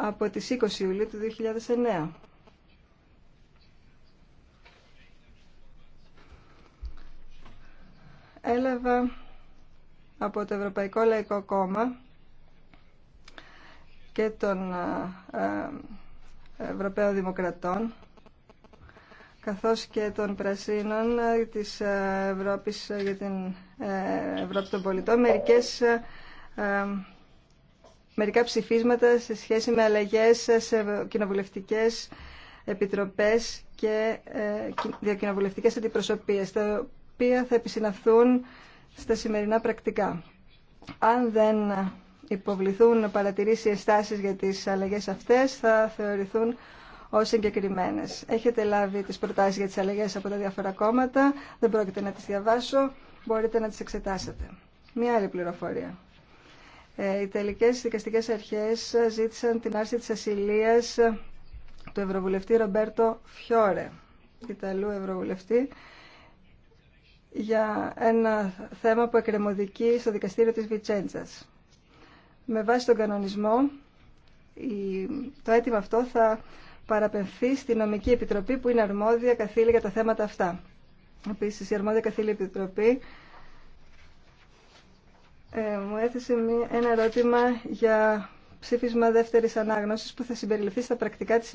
από τις 20 Ιουλίου του 2009. Έλαβα από το Ευρωπαϊκό Λαϊκό Κόμμα και των ε, ε, Ευρωπαίων Δημοκρατών καθώς και των Πρασίνων ε, της Ευρώπης για την Ευρώπη των Πολιτών μερικές μερικά ψηφίσματα σε σχέση με αλλαγές σε κοινοβουλευτικές επιτροπές και ε, διακοινοβουλευτικές αντιπροσωπίες, τα οποία θα επισυναφθούν στα σημερινά πρακτικά. Αν δεν υποβληθούν παρατηρήσει στάσεις για τις αλλαγές αυτές, θα θεωρηθούν ως συγκεκριμένε. Έχετε λάβει τις προτάσεις για τις αλλαγές από τα διάφορα κόμματα, δεν πρόκειται να τις διαβάσω, μπορείτε να τις εξετάσετε. Μία άλλη πληροφορία. Ε, οι τελικές δικαστικές αρχές ζήτησαν την άρση της ασυλίας του Ευρωβουλευτή Ρομπέρτο Φιόρε, Ιταλού Ευρωβουλευτή, για ένα θέμα που εκκρεμωδικεί στο δικαστήριο της Βιτσέντζας. Με βάση τον κανονισμό, το αίτημα αυτό θα παραπεμφθεί στη νομική επιτροπή που είναι αρμόδια καθήλη για τα θέματα αυτά. Επίσης, η αρμόδια καθήλη επιτροπή ε, μου έθεσε ένα ερώτημα για ψήφισμα δεύτερης ανάγνωσης που θα συμπεριληφθεί στα πρακτικά της